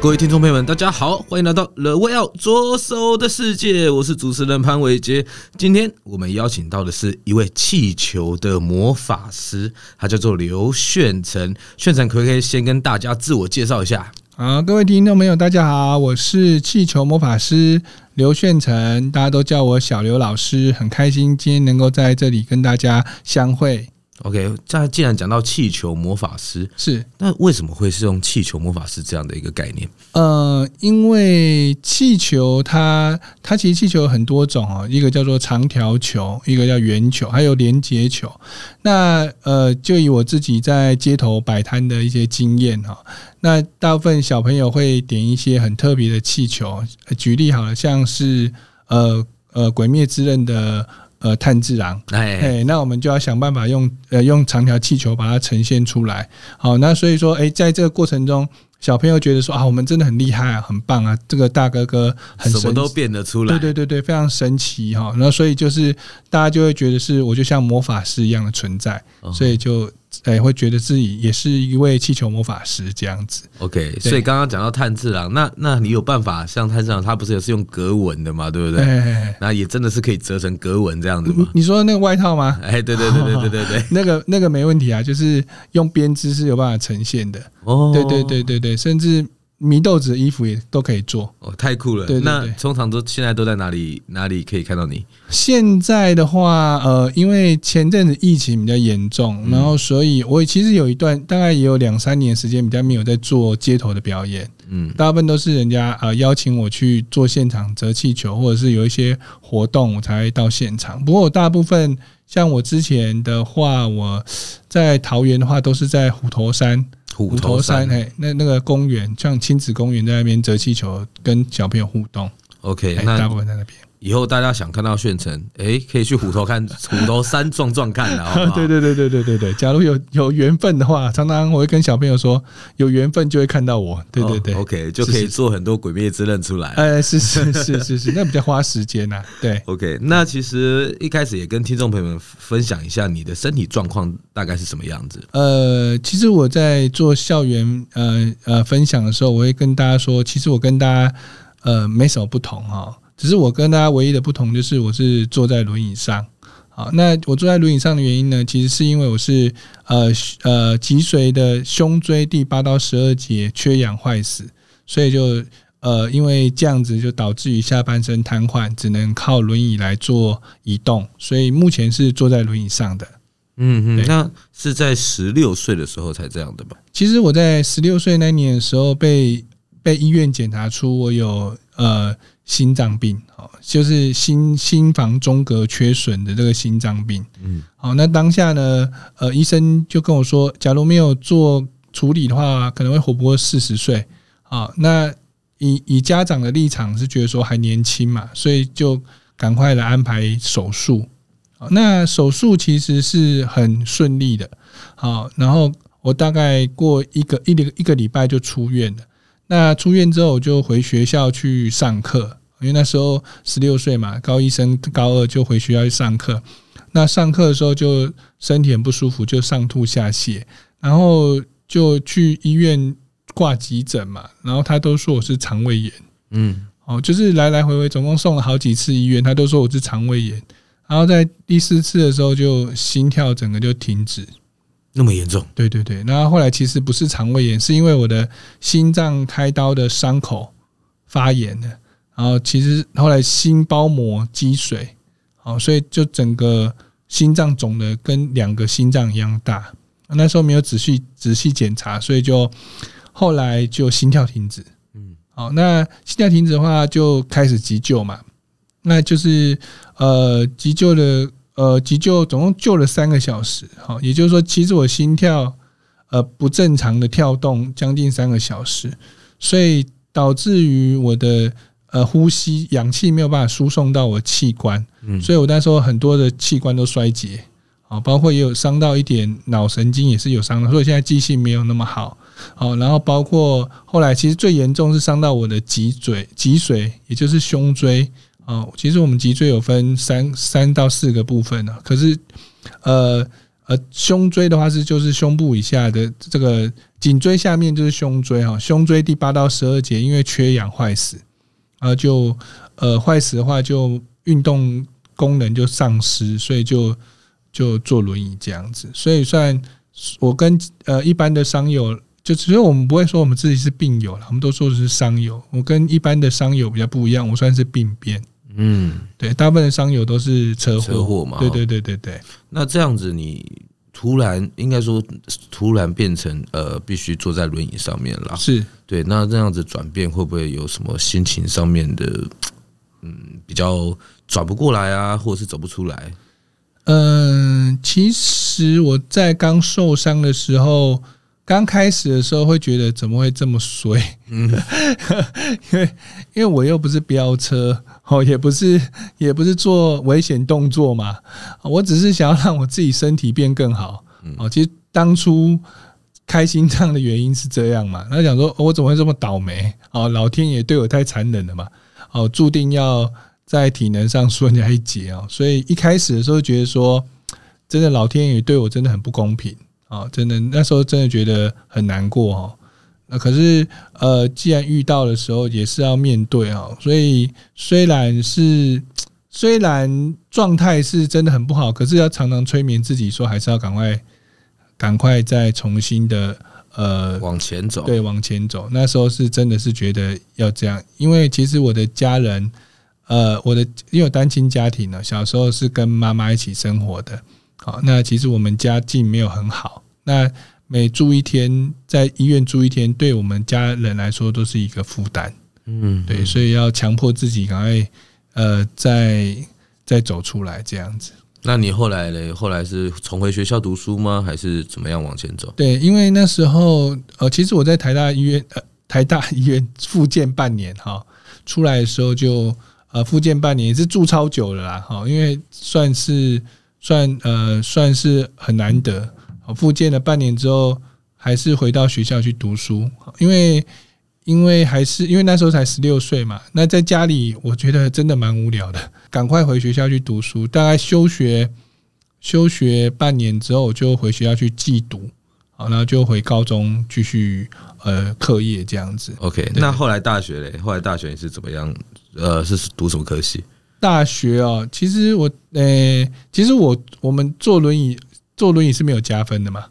各位聽眾朋友們，大家好，歡迎來到《The Way Out 左手的視界》，我是主持人潘瑋杰。今天我們邀請到的是一位氣球的魔法師，他叫做劉炫成。炫成，可不可以先跟大家自我介紹一下？啊，各位聽眾朋友，大家好，我是氣球魔法師劉炫成，大家都叫我小劉老師，很開心今天能夠在這裡跟大家相會。OK，那既然講到氣球魔法師，是。那為什麼會是用氣球魔法師這樣的一個概念？呃，因為氣球它它其實氣球有很多種哦，一個叫做長條球，一個叫圓球，還有連結球。那呃，就以我自己在街頭擺攤的一些經驗哈，那大部分小朋友會點一些很特別的氣球，舉例好了，像是呃呃，鬼滅之刃的。呃，探自然，哎、哎、哎、欸，那我們就要想辦法用呃用長條氣球把它呈現出來。好，那所以說，哎、欸，在這個過程中小朋友覺得說啊，我們真的很厲害啊，很棒啊，這個大哥哥很神奇什麼都變得出來，對對對對，非常神奇哈、哦。那所以就是大家就會覺得是我就像魔法師一樣的存在，所以就。嗯哎、欸，會覺得自己也是一位氣球魔法師這樣子。OK，所以剛剛講到炭治郎，那那你有辦法像炭治郎，他不是也是用格紋的嘛，對不對，欸？那也真的是可以折成格紋這樣子嗎你？你說那個外套嗎？哎、欸，對對對對對對對，對， 那個那個沒問題啊，就是用編織是有辦法呈現的。哦，對對對對對，甚至。米豆子的衣服也都可以做哦，太酷了！對，那通常都現在都在哪裡哪裡可以看到你？現在的話，呃，因為前陣子疫情比較嚴重，然後所以我其實有一段大概也有兩三年時間比較沒有在做街頭的表演，嗯，大部分都是人家呃邀請我去做現場折氣球，或者是有一些活動，我才會到現場。不過我大部分像我之前的話，我在桃園的話，都是在虎頭山。虎頭山，哎，那那個公園，像親子公園在那邊折氣球，跟小朋友互動，OK，大部分在那邊。以後大家想看到炫成，欸，可以去虎頭看虎頭山撞撞看的，對 對對對對對對。假如有有緣分的話，常常我會跟小朋友說，有緣分就會看到我，對對對。哦、OK，就可以做很多鬼滅之刃出來。哎，是是是是是， 是是是是，那比較花時間吶、啊。對，OK，那其實一開始也跟聽眾朋友們分享一下你的身體狀況大概是什麼樣子？呃，其實我在做校園呃呃分享的時候，我會跟大家說，其實我跟大家呃沒什麼不同哈、哦。只是我跟大家唯一的不同就是我是坐在輪椅上，好，那我坐在輪椅上的原因呢，其實是因為我是呃呃脊髓的胸椎第八到十二節缺氧壞死，所以就呃因為這樣子就導致於下半身癱瘓，只能靠輪椅來做移動，所以目前是坐在輪椅上的。嗯嗯，那是在十六歲的時候才這樣的吧？其實我在十六歲那年的時候被被醫院檢查出我有呃。心臟病，就是心心房中隔缺損的這個心臟病。好，那當下呢，呃，醫生就跟我說，假如沒有做處理的話，可能會活不過四十歲。好，那以以家長的立場是覺得說還年輕嘛，所以就趕快來安排手術。那手術其實是很順利的。好，然後我大概過一個一一個禮拜就出院了。那出院之後我就回學校去上課，因為那時候十六歲嘛，高一升高二就回學校去上課。那上課的時候就身體很不舒服，就上吐下瀉，然後就去醫院掛急診嘛。然後他都說我是腸胃炎，嗯，哦，就是來來回回總共送了好幾次醫院，他都說我是腸胃炎。然後在第四次的時候就心跳整個就停止。那麼嚴重？對對對，那後，後來其實不是腸胃炎，是因為我的心臟開刀的傷口發炎了，然後其實後來心包膜積水，所以就整個心臟腫得跟兩個心臟一樣大。那時候沒有仔細仔細檢查，所以就後來就心跳停止。嗯，好，那心跳停止的話就開始急救嘛，那就是呃急救的。呃，急救總共救了三個小時，哈，也就是說，其實我心跳呃不正常的跳動將近三個小時，所以導致於我的呃呼吸氧氣沒有辦法輸送到我器官，嗯，所以我那時候很多的器官都衰竭，啊，包括也有傷到一點腦神經也是有傷的，所以現在記性沒有那麼好，好，然後包括後來其實最嚴重是傷到我的脊椎脊髓，也就是胸椎。哦，其實我們脊椎有分三三到四個部分呢、啊。可是，呃呃，胸椎的話是就是胸部以下的這個頸椎下面就是胸椎哈、哦。胸椎第八到十二節因為缺氧壞死，啊、呃、就呃壞死的話就運動功能就喪失，所以就就坐輪椅這樣子。所以算我跟呃一般的傷友，就其實我們不會說我們自己是病友了，我們都說的是傷友。我跟一般的傷友比較不一樣，我算是病變。.嗯，對，大部分的傷友都是車禍車禍嘛。對對對對對，對。那這樣子，你突然應該說突然變成呃，必須坐在輪椅上面了。是。對，那這樣子轉變會不會有什麼心情上面的，嗯，比較轉不過來啊，或者是走不出來？嗯、呃，其實我在剛受傷的時候。剛開始的時候會覺得怎麼會這麼衰？嗯，因為因為我又不是飆車哦，也不是也不是做危險動作嘛，我只是想要讓我自己身體變更好哦。其實當初開心這樣的原因是這樣嘛，他想說我怎麼會這麼倒霉哦？老天爺對我太殘忍了嘛？哦，注定要在體能上輸人家一截哦。所以一開始的時候覺得說，真的老天爺對我真的很不公平。哦，真的，那時候真的覺得很難過哦。那可是，呃，既然遇到的時候也是要面對哦。所以雖然是雖然狀態是真的很不好，可是要常常催眠自己說，還是要趕快趕快再重新的呃往前走，對，往前走。那時候是真的是覺得要這樣，因為其實我的家人，呃，我的因為單親家庭呢，小時候是跟媽媽一起生活的。好，那其實我們家境沒有很好，那每住一天在醫院住一天，對我們家人來說都是一個負擔，嗯，對，所以要強迫自己趕快，呃，再再走出來這樣子。那你後來呢？後來是重回學校讀書嗎？還是怎麼樣往前走？對，因為那時候，呃，其實我在台大醫院，呃，台大醫院復健半年哈，出來的時候就，呃，復健半年也是住超久了啦，哈，因為算是。算呃算是很難得，我復健了半年之後，還是回到學校去讀書，因為因為還是因為那時候才十六歲嘛，那在家裡我覺得真的蠻無聊的，趕快回學校去讀書。大概休學休學半年之後，我就回學校去寄讀，好，然後就回高中繼續呃課業這樣子。OK，那後來大學嘞？後來大學也是怎麼樣？呃，是讀什麼科系？大學啊，其實我，誒、欸，其實我，我們坐輪椅，坐輪椅是沒有加分的嘛，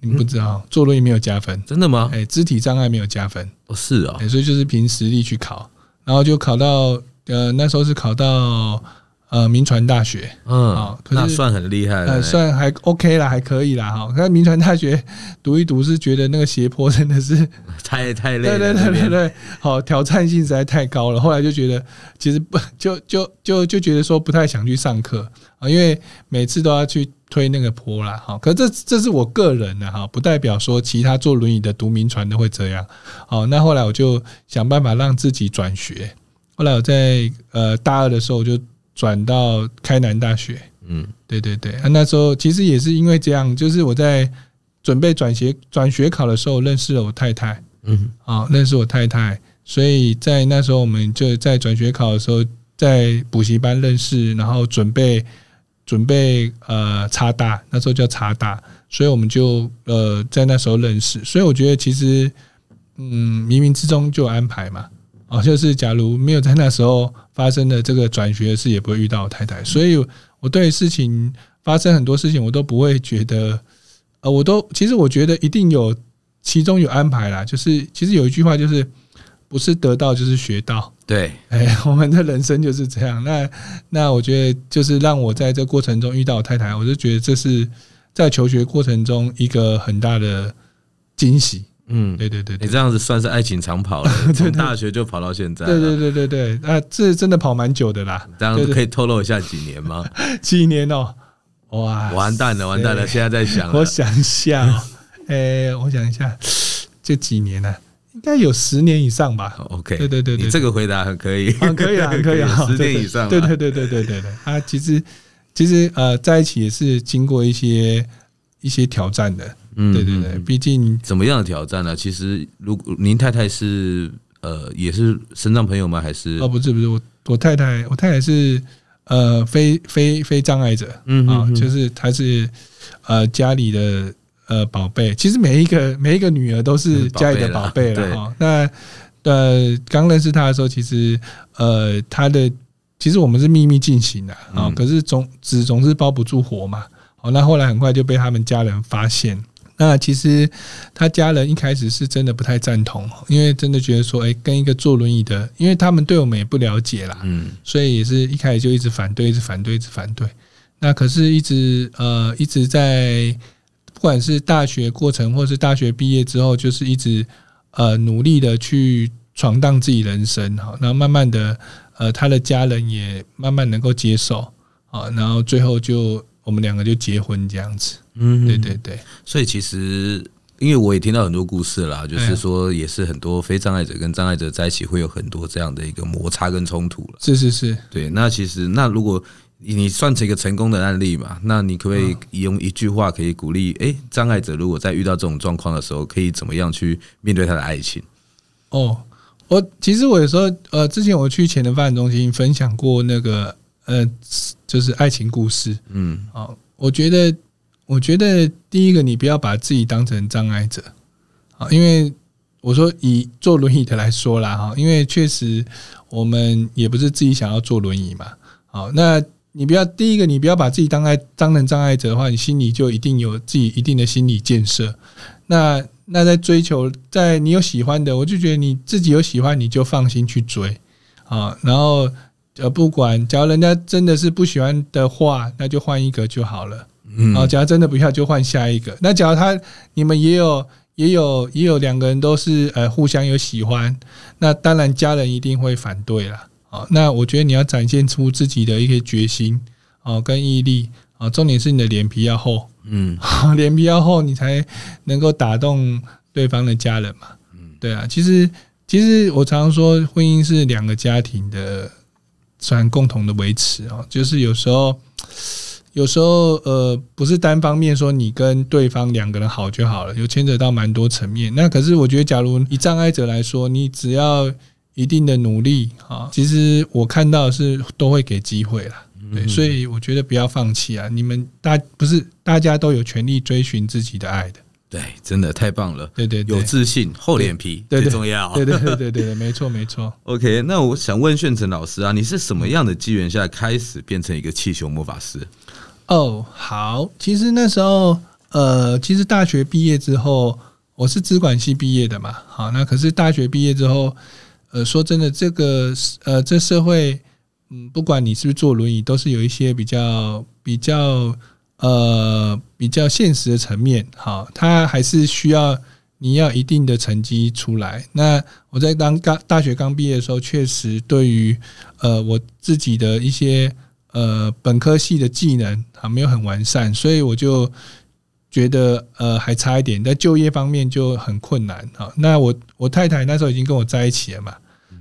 你們不知道，嗯、坐輪椅沒有加分，真的嗎？誒、欸，肢體障礙沒有加分，不是啊、哦，所以就是憑實力去考，然後就考到，呃，那時候是考到。呃，銘傳大學，嗯，好，那算很厲害了，欸，算還 OK 啦，還可以啦，哈。那銘傳大學讀一讀是覺得那個斜坡真的是太太累了，對對對對對，好，挑戰性實在太高了。後來就覺得其實不就就就就覺得說不太想去上課啊，因為每次都要去推那個坡啦。哈。可這這是我個人的哈，不代表說其他坐輪椅的讀銘傳都會這樣，好。那後來我就想辦法讓自己轉學，後來我在呃大二的時候就。轉到開南大學，嗯，對對對，那時候其實也是因為這樣，就是我在準備轉學轉學考的時候認識了我太太，嗯，啊，認識我太太，所以在那時候我們就在轉學考的時候在補習班認識，然後準備準備呃插大，那時候叫插大，所以我們就呃在那時候認識，所以我覺得其實嗯冥冥之中就有安排嘛。哦，就是假如沒有在那時候發生的這個轉學的事，也不會遇到我太太。所以我對事情發生很多事情，我都不會覺得，呃，我都其實我覺得一定有其中有安排啦。就是其實有一句話就是，不是得到就是學到。對，哎，我們的人生就是這樣。那那那我覺得就是讓我在這過程中遇到我太太，我就覺得這是在求學過程中一個很大的驚喜。嗯，對對對，對，你這樣子算是愛情長跑了，從大學就跑到現在。對對對對對，那、啊、這真的跑蠻久的啦。這樣子可以透露一下幾年嗎？幾 年哦、喔，哇，完蛋了，完蛋了，現在在想。我想一下，誒、欸，我想一下，這幾年呢、啊，應該有十年以上吧。OK，對對對，對，你這個回答很可以，可以啊，很可以啊，十、啊、 年以上、啊。對對對，對對對對對，啊，其實其實呃，在一起也是經過一些一些挑戰的。嗯，對對對，畢竟、嗯、怎麼樣的挑戰呢、啊？其實，如果您太太是呃，也是身障朋友嗎？還是哦，不是不是，我我太太，我太太是呃，非非非障礙者，嗯啊、哦，就是她是呃家裡的呃寶貝，其實每一個每一個女兒都是家裡的寶貝了哈。那呃剛認識她的時候，其實呃她的其實我們是秘密進行的啊、哦嗯，可是總總是包不住火嘛，好、哦，那後來很快就被他們家人發現。那其實他家人一開始是真的不太贊同，因為真的覺得說，哎，跟一個坐輪椅的，因為他們對我們也不了解啦，嗯，所以也是一開始就一直反對，一直反對，一直反對。那可是，一直呃，一直在不管是大學過程，或是大學畢業之後，就是一直呃努力的去闖蕩自己人生，哈。然後慢慢的，呃，他的家人也慢慢能夠接受，啊，然後最後就。我們兩個就結婚這樣子，嗯，對對對、嗯。所以其實，因為我也聽到很多故事啦，就是說，也是很多非障礙者跟障礙者在一起會有很多這樣的一個摩擦跟衝突了。是是是，對。那其實，那如果你算成一個成功的案例嘛，那你可不可以用一句話可以鼓勵？哎、欸，障礙者如果在遇到這種狀況的時候，可以怎麼樣去面對他的愛情？哦，我其實我有時候，呃，之前我去潛能發展中心分享過那個。呃，就是愛情故事，嗯，好，我覺得，我覺得第一個，你不要把自己當成障礙者，啊，因為我說以坐輪椅的來說啦，哈，因為確實我們也不是自己想要坐輪椅嘛，好，那你不要第一個，你不要把自己當愛當成障礙者的話，你心裡就一定有自己一定的心理建設，那那在追求，在你有喜歡的，我就覺得你自己有喜歡，你就放心去追，啊，然後。呃，不管，假如人家真的是不喜歡的話，那就換一個就好了。嗯，啊，假如真的不需要，就換下一個。那假如他你們也有也有也有兩個人都是呃互相有喜歡，那當然家人一定會反對啦。哦，那我覺得你要展現出自己的一些決心哦，跟毅力啊，重點是你的臉皮要厚。嗯，臉皮要厚，你才能夠打動對方的家人嘛。嗯，對啊，其實其實我常常說，婚姻是兩個家庭的。雖然共同的維持哦，就是有時候，有時候呃，不是單方面說你跟對方兩個人好就好了，有牽扯到蠻多層面。那可是我覺得，假如以障礙者來說，你只要一定的努力啊，其實我看到是都會給機會啦，嗯。對，所以我覺得不要放棄啊！你們大不是大家都有權利追尋自己的愛的。對，真的太棒了。對，對對，有自信、厚臉皮最重要。對對對、啊、對對，對沒錯沒錯。 OK，那我想問炫成老師啊，你是什麼樣的機緣下開始變成一個氣球魔法師？哦，好，其實那時候，呃，其實大學畢業之後，我是資管系畢業的嘛。好，那可是大學畢業之後，呃，說真的，這個呃，這社會，嗯，不管你是不是坐輪椅，都是有一些比較比較。呃，比較現實的層面，哈，他還是需要你要一定的成績出來。那我在當剛大學剛畢業的時候，確實對於呃我自己的一些呃本科系的技能啊，還沒有很完善，所以我就覺得呃還差一點，在就業方面就很困難。那我我太太那時候已經跟我在一起了嘛，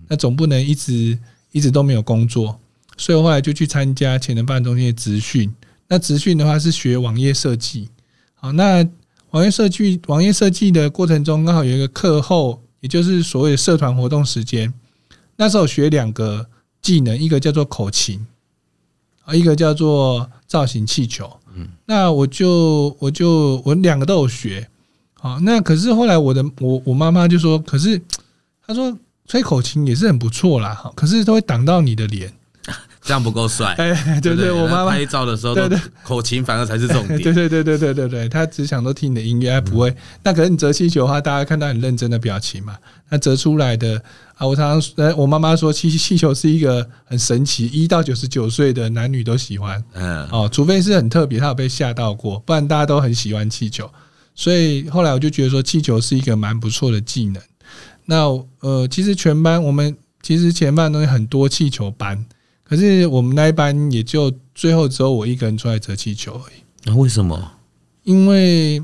那總不能一直一直都沒有工作，所以我後來就去參加潛能辦中心的集訓。那職訓的話是學網頁設計，好，那網頁設計網頁設計的過程中剛好有一個課後，也就是所謂的社團活動時間，那時候學兩個技能，一個叫做口琴，一個叫做造型氣球，嗯，那我就我就我兩個都有學，好，那可是後來我的我我媽媽就說，可是她說吹口琴也是很不錯啦，可是都會擋到你的臉。這樣不夠帥哎！欸、對，對，對，對，對對，我媽媽拍照的時候都口琴，反而才是重點。對對對對對對，她，他只想都聽你的音樂，還不會。嗯、那可是你折氣球的話，大家看到很認真的表情嘛。那折出來的啊，我常常說我媽媽說，其實氣球是一個很神奇，一到九十九歲的男女都喜歡。嗯，哦，除非是很特別，他有被嚇到過，不然大家都很喜歡氣球。所以後來我就覺得說，氣球是一個蠻不錯的技能。那呃，其實全班我們其實前半段都很多氣球班。可是我們那一班也就最後只有我一個人出來折氣球而已。啊，那為什麼？因為，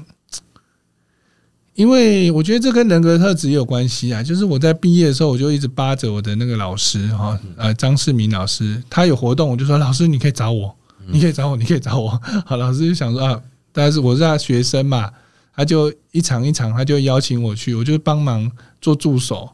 因為我覺得這跟人格特質也有關係啊。就是我在畢業的時候，我就一直扒着我的那個老師哈、哦，呃，張世民老師，他有活動，我就說，老師你可以找我，嗯、你可以找我，你可以找我。好，老師就想說啊，但是我是他學生嘛，他就一場一場，他就邀請我去，我就幫忙做助手，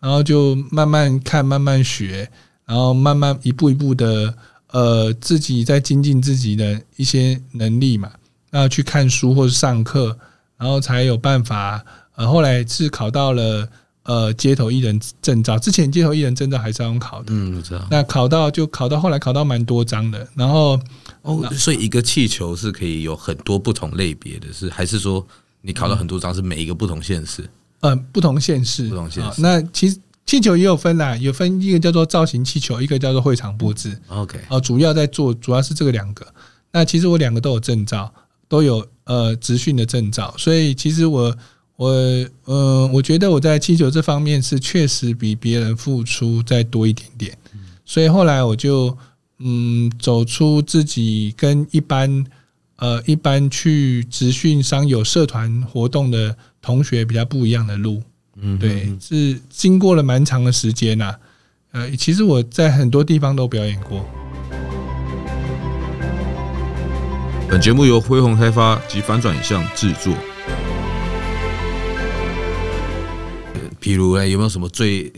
然後就慢慢看，慢慢學。然後慢慢一步一步的，呃，自己在精進自己的一些能力嘛，那去看書或者上課，然後才有辦法。呃，後來是考到了呃街頭藝人證照，之前街頭藝人證照還是要用考的。嗯，我知道。那考到就考到後來考到蠻多張的，然後哦，所以一個氣球是可以有很多不同類別的，是還是說你考到很多張是每一個不同縣市？嗯，嗯，不同縣市。不同縣市。那其實。氣球也有分啦，有分一個叫做造型氣球，一個叫做會場布置。OK，哦，主要在做，主要是這個兩個。那其實我兩個都有證照，都有呃職訓的證照，所以其實我我嗯、呃，我覺得我在氣球這方面是確實比別人付出再多一點點。所以後來我就嗯，走出自己跟一般呃一般去職訓商有社團活動的同學比較不一樣的路。嗯，嗯、對，是經過了蠻長的時間吶。呃，其實我在很多地方都表演過。本節目由輝洪開發及翻轉影像製作。譬如，有沒有什麼最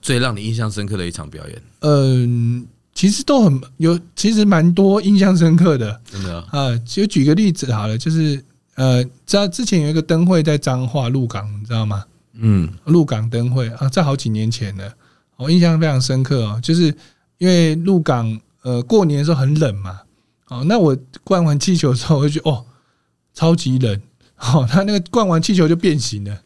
最讓你印象深刻的一場表演？嗯，其實都很有，其實蠻多印象深刻的。真的啊？呃、啊，就舉個例子好了，就是呃，知道之前有一個燈會在彰化鹿港，你知道嗎？嗯，鹿港燈會啊，在好幾年前了，我印象非常深刻哦，就是因為鹿港呃過年的時候很冷嘛，哦，那我灌完氣球之後，我就覺得哦超級冷，哦，他那,那個灌完氣球就變形了，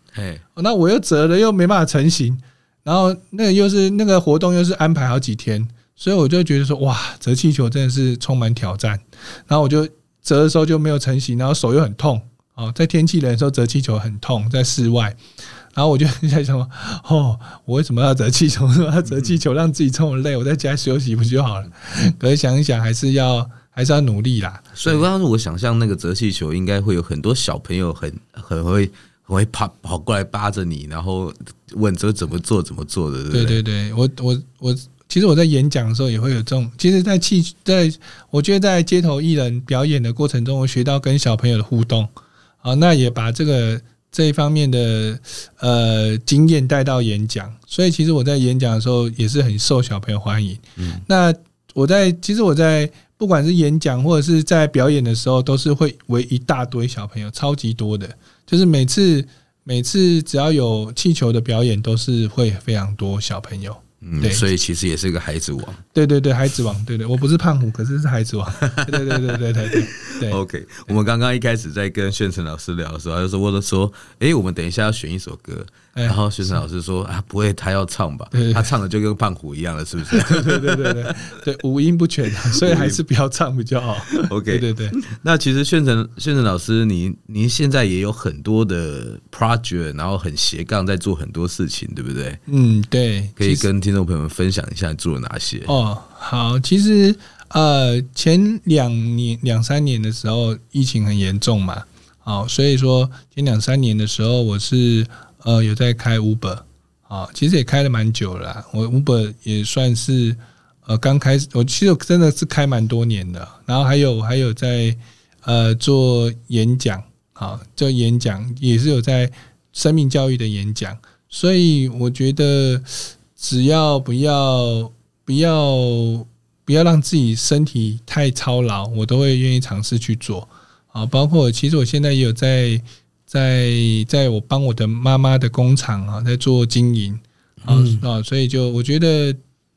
哦，那我又折了，又沒辦法成型，然後那個又是那個活動又是安排好幾天，所以我就覺得說哇，折氣球真的是充滿挑戰，然後我就折的時候就沒有成型，然後手又很痛哦，在天氣冷的時候折氣球很痛，在室外。然後我就在想說哦，我為什麼要折氣球？為什麼要折氣球讓自己這麼累，我在家休息不就好了？可是想一想，還是要還是要努力啦。所以當時我想象那個折氣球，應該會有很多小朋友很很會很會跑跑過來扒着你，然後問這怎麼做怎麼做的，對對對，我我我其實我在演講的時候也會有這種，其實在氣在我覺得在街頭藝人表演的過程中，我學到跟小朋友的互動啊，那也把這個。這一方面的呃經驗帶到演講，所以其實我在演講的時候也是很受小朋友歡迎。嗯，那我在其實我在不管是演講或者是在表演的時候，都是會圍一大堆小朋友，超級多的。就是每次每次只要有氣球的表演，都是會非常多小朋友。嗯，所以其實也是個孩子王。對對對，孩子王，對對，對， 我不是胖虎，可是是孩子王。對對對對對對，對，對, 對。OK，對對對我們剛剛一開始在跟炫成老師聊的時候，他就說說說，誒、欸，我們等一下要選一首歌。然後炫成老師說、欸：“啊，不會，他要唱吧？對對對對他唱的就跟胖虎一樣了，是不是？”“對對對對 對，五音不全、啊，所以還是不要唱比較好。”“OK，對對，對那其實炫成炫成老師，您您現在也有很多的 project，然後很斜槓，在做很多事情，對不對？嗯，對。可以跟聽眾朋友們分享一下做了哪些哦。好，其實呃，前兩年兩三年的時候，疫情很嚴重嘛，好，所以說前兩三年的時候，我是。呃，有在開 Uber。e 啊，其實也開了蠻久了。我 Uber e 也算是呃剛開始，我其實我真的是開蠻多年的。然後還有還有在呃做演講啊，做演講，哦、也是有在生命教育的演講。所以我覺得只要不要不要不要讓自己身體太操勞，我都會願意嘗試去做啊，哦。包括其實我現在也有在。在在我幫我的媽媽的工廠啊，在做經營啊啊，所以就我覺得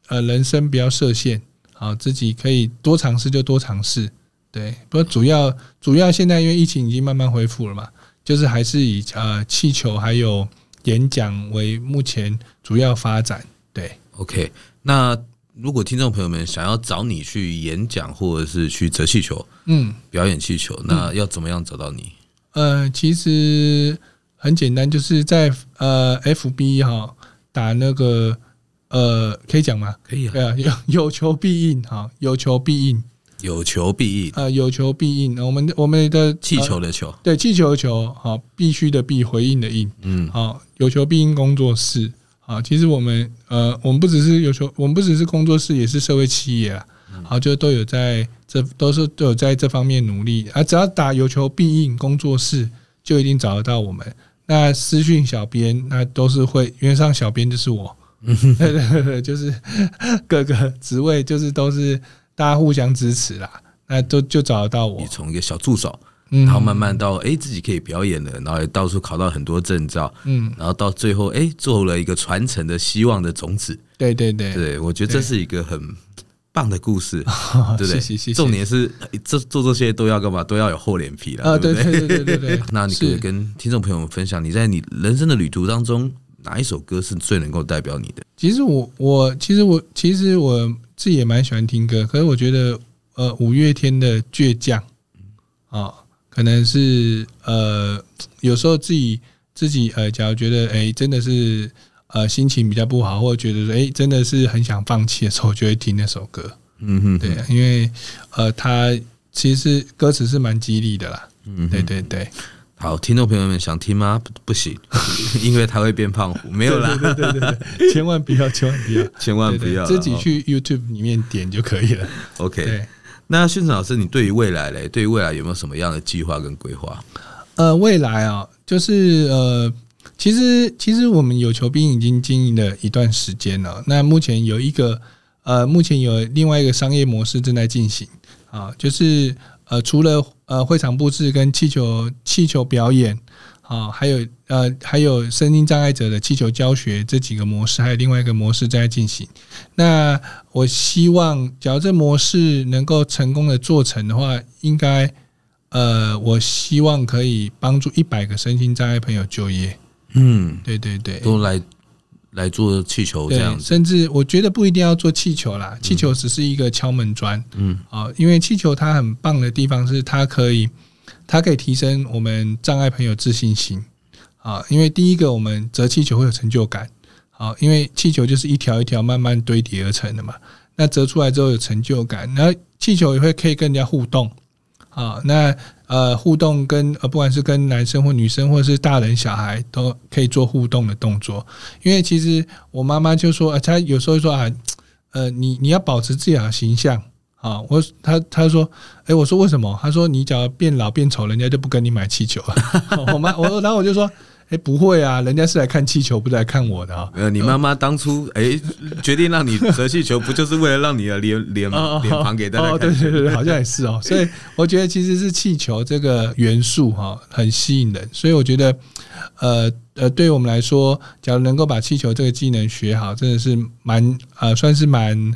呃，人生不要設限，好，自己可以多嘗試就多嘗試。對，不過主要主要現在因為疫情已經慢慢恢復了嘛，就是還是以呃氣球還有演講為目前主要發展。對，OK。那如果聽眾朋友們想要找你去演講或者是去折氣球，嗯，表演氣球，那要怎麼樣找到你？呃，其實很簡單，就是在呃，FB 哈打那個呃，可以講嗎？可以啊，有有求必應哈，有求必應，有求必應啊，呃，有求必應。我們我們的氣球的球，呃、對，氣球的球好，必須的必回應的應，嗯，好，有求必應工作室啊，其實我們呃，我們不只是有求，我們不只是工作室，也是社會企業。然後就都有在這都是都有在這方面努力啊！只要打有求必應工作室，就一定找得到我們。那私訊小編，那都是會因為上小編就是我對對對，就是各個職位就是都是大家互相支持啦。那都就,就找得到我、嗯。你從一個小助手，然後慢慢到哎、欸、自己可以表演了，然後也到處考到很多證照，嗯，然後到最後哎、欸、做了一個傳承的希望的種子。對對對,對,對，對我覺得這是一個很。棒的故事，哦、對不對謝謝謝謝？重點是，這做,做這些都要幹嘛？都要有厚臉皮了、呃，對對對對對對,對 那你可,可以跟聽眾朋友們分享，你在你人生的旅途當中，哪一首歌是最能夠代表你的？其實我我其實我其實我自己也蠻喜歡聽歌，可是我覺得，呃，五月天的倔強，啊、嗯哦，可能是呃，有時候自己自己呃，假如覺得，誒、欸，真的是。呃，心情比較不好，或者覺得說，哎、欸，真的是很想放棄的時候，就會聽那首歌。嗯哼，哼，對，因為呃，他其實是歌詞是蠻激勵的啦。嗯，對對對。好，聽眾朋友們想聽嗎？不，不行， 因為他會變胖虎。沒有啦，對對，對對對，千萬不要，千萬不要，千萬不要對對對，自己去 YouTube 裡面點就可以了。哦、OK，那炫成老師，你對於未來嘞，對於未來有沒有什麼樣的計劃跟規劃？呃，未來啊、哦，就是呃。其實，其實我們有球必應已經經營了一段時間了。那目前有一個呃，目前有另外一個商業模式正在進行啊，就是呃，除了呃會場布置跟氣球氣球表演啊，還有呃還有身心障礙者的氣球教學這幾個模式，還有另外一個模式正在進行。那我希望只要這模式能夠成功的做成的話，應該呃，我希望可以幫助一百個身心障礙朋友就業。嗯，對對對，都來來做氣球這樣，甚至我覺得不一定要做氣球啦，氣球只是一個敲門磚。嗯，啊，因為氣球它很棒的地方是，它可以，它可以提升我們障礙朋友自信心。啊，因為第一個，我們折氣球會有成就感。好，因為氣球就是一條一條慢慢堆疊而成的嘛，那折出來之後有成就感，然後氣球也會可以跟人家互動。啊，那。呃，互動跟呃，不管是跟男生或女生，或者是大人小孩，都可以做互動的動作。因為其實我媽媽就說，呃、她有時候說啊，呃，你你要保持自己的形象啊。我她她說，哎、欸，我說為什麼？她說你只要變老變醜，人家就不跟你買氣球了。我。我媽我然後我就說。 哎、欸，不會啊，人家是來看氣球，不是來看我的、哦。呃，你媽媽當初哎、欸、 決定讓你折氣球，不就是為了讓你的 臉臉臉龐給大家看哦？哦，對對對對，好像也是哦。 所以我覺得其實是氣球這個元素哈，很吸引人。所以我覺得，呃呃，對我們來說，假如能夠把氣球這個技能學好，真的是蠻呃，算是蠻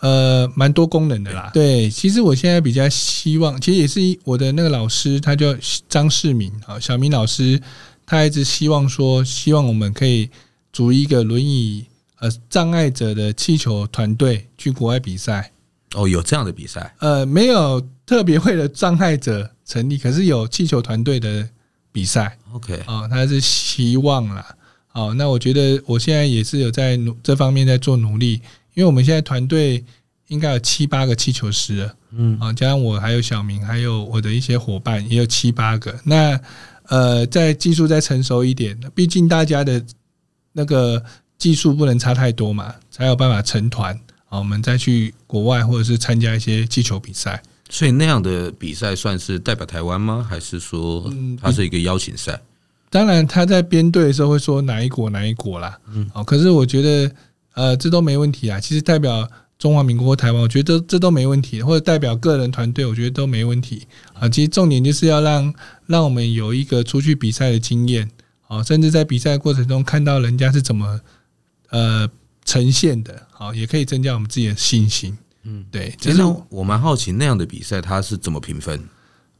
呃蠻多功能的啦對。對，其實我現在比較希望，其實也是我的那個老師，他叫張世明，啊，小明老師。他一直希望說，希望我們可以組一個輪椅呃障礙者的氣球團隊去國外比賽。哦，有這樣的比賽？呃，沒有特別為了障礙者成立，可是有氣球團隊的比賽。OK，哦，他是希望了。哦，那我覺得我現在也是有在努這方面在做努力，因為我們現在團隊應該有七八個氣球師。嗯，啊，加上我還有小明，還有我的一些伙伴，也有七八個。那呃，在技術再成熟一點，畢竟大家的那個技術不能差太多嘛，才有辦法成團。我們再去國外或者是參加一些氣球比賽。所以那樣的比賽算是代表台灣嗎？還是說它是一個邀請賽？嗯，當然，他在編隊的時候會說哪一國哪一國啦。嗯，哦，可是我覺得，呃，這都沒問題啊。其實代表。中華民國或台灣，我覺得這這都沒問題，或者代表個人團隊，我覺得都沒問題啊。其實重點就是要讓讓我們有一個出去比賽的經驗，好，甚至在比賽過程中看到人家是怎麼呃呈現的，好，也可以增加我們自己的信心。嗯，對。其實我蠻好奇那樣的比賽它是怎麼評分？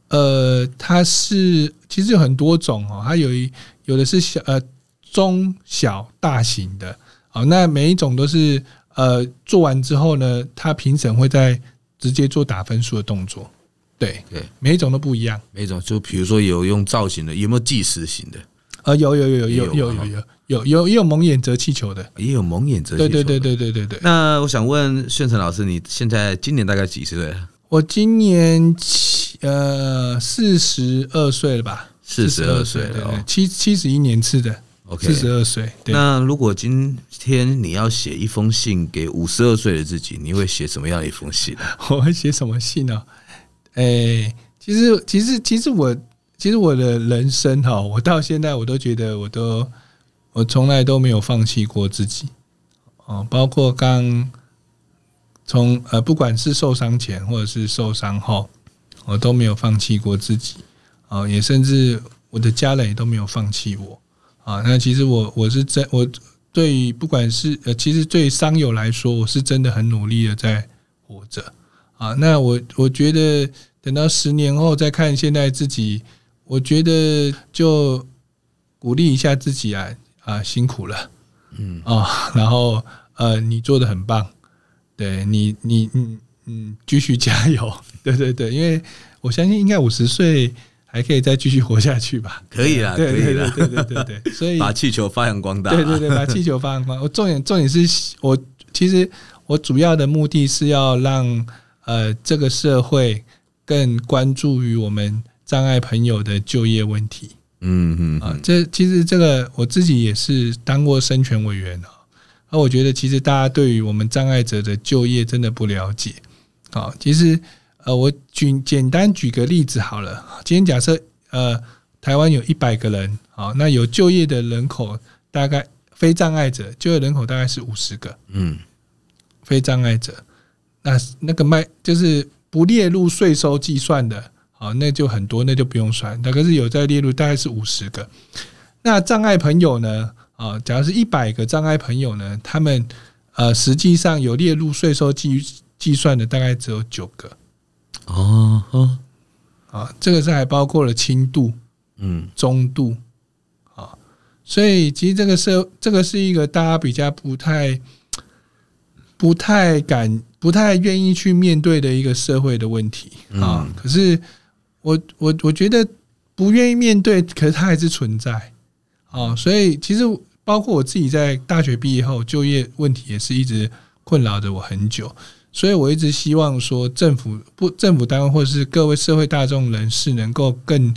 呃，它是其實有很多種哦，它有一有的是小呃中小大型的，好，那每一種都是。呃，做完之後呢，他評審會再直接做打分數的動作。對對，okay. 每一種都不一樣。每一種就比如說有用造型的，有沒有計時型的？啊、呃，有有有有有有有有有有有有蒙眼折氣球的，也有蒙眼折。對,對對對對對對對。那我想問炫成老師，你現在今年大概幾歲了？我今年七呃四十二歲了吧？四十二歲了,對對了、哦，七七十一年次的。OK，四十二歲，對。那如果今天你要寫一封信給五十二歲的自己，你會寫什麼樣的一封信？我會寫什麼信呢、喔？哎、欸，其實，其實，其實我，其實我的人生哈、喔，我到現在我都覺得，我都，我從來都沒有放棄過自己。哦，包括剛從呃，不管是受傷前或者是受傷後，我都沒有放棄過自己。哦，也甚至我的家人也都沒有放棄我。啊，那其實我我是真我，對於不管是呃，其實對商友來說，我是真的很努力的在活着啊。那我我覺得等到十年後再看現在自己，我覺得就鼓勵一下自己啊啊，辛苦了，嗯啊，然後呃，你做得很棒，對你你你你、嗯嗯、繼續加油，對對對，因為我相信應該五十歲。還可以再繼續活下去吧？可以啦，對對對對對對，對，所以 把氣球發揚光大啊。對對對，把氣球發揚光大。我重點重點是，我其實我主要的目的是要讓呃這個社會更關注於我們障礙朋友的就業問題。嗯嗯啊，這其實這個我自己也是當過生權委員的。那、啊、我覺得其實大家對於我們障礙者的就業真的不了解。啊，其實。呃，我舉簡單舉個例子好了。今天假設呃，台灣有一百個人，啊，那有就業的人口大概非障礙者就業人口大概是五十個，嗯，非障礙者，那那個賣就是不列入稅收計算的，啊，那就很多，那就不用算，大概是有在列入，大概是五十個。那障礙朋友呢？啊，假如是一百個障礙朋友呢，他們呃，實際上有列入稅收計計算的大概只有九個。哦，啊，這個是還包括了輕度，嗯，中度，啊，所以其實這個社，這個是一個大家比較不太、不太敢、不太願意去面對的一個社會的問題啊。嗯。可是我，我我我覺得不願意面對，可是它還是存在啊。所以，其實包括我自己在大學畢業後，就業問題也是一直困擾着我很久。所以，我一直希望說，政府不，政府單位或者是各位社會大眾人士能，能夠更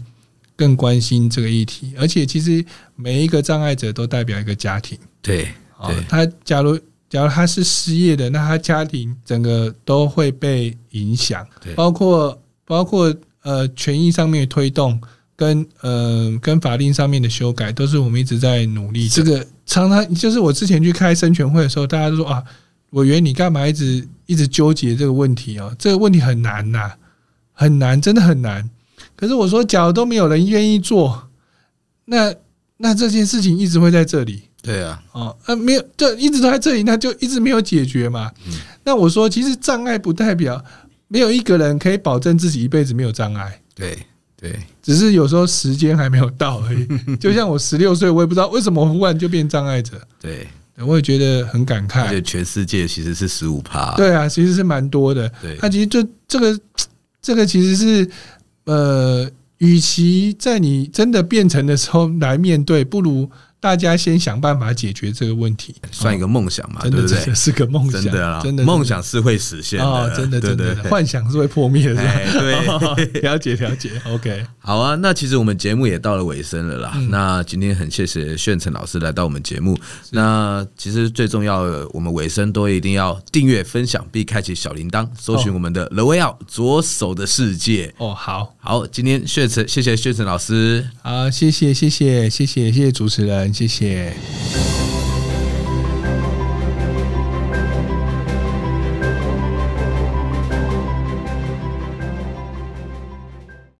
更關心這個議題。而且，其實每一個障礙者都代表一個家庭。對，啊，他假如假如他是失業的，那他家庭整個都會被影響。對，包括包括呃權益上面的推動，跟呃跟法令上面的修改，都是我們一直在努力。這個常常就是我之前去開生全會的時候，大家都說啊。我以為你幹嘛，一直一直糾結這個問題啊！這個問題很難吶、啊，很難，真的很難。可是我說，假如都沒有人願意做，那那這件事情一直會在這裡。對啊，哦、啊，那沒有，這一直都在這裡，那就一直沒有解決嘛。嗯、那我說，其實障礙不代表沒有一個人可以保證自己一輩子沒有障礙。對對，只是有時候時間還沒有到而已。 就像我十六歲，我也不知道為什麼忽然就變障礙者。對。我也覺得很感慨，而且全世界其實是十五趴，啊對啊，其實是蠻多的。那、啊、其實就這個，這個其實是呃，與其在你真的變成的時候來面對，不如。大家先想辦法解決這個問題，算一個夢想嘛？哦、對不對，真的，對？是個夢想，真的、啊，夢想是會實現哦，真的，真的，對對對，幻想是會破滅的，對、哦，了解，了解。 OK，好啊。那其實我們節目也到了尾聲了啦、嗯。那今天很謝謝炫成老師來到我們節目。那其實最重要的，我們尾聲都一定要訂閱、分享，並開啟小鈴鐺，搜尋我們的 The Way Out 左手的視界。哦，好，好。今天炫成，謝謝炫成老師。啊，謝謝，謝謝，謝謝，謝謝主持人。謝謝。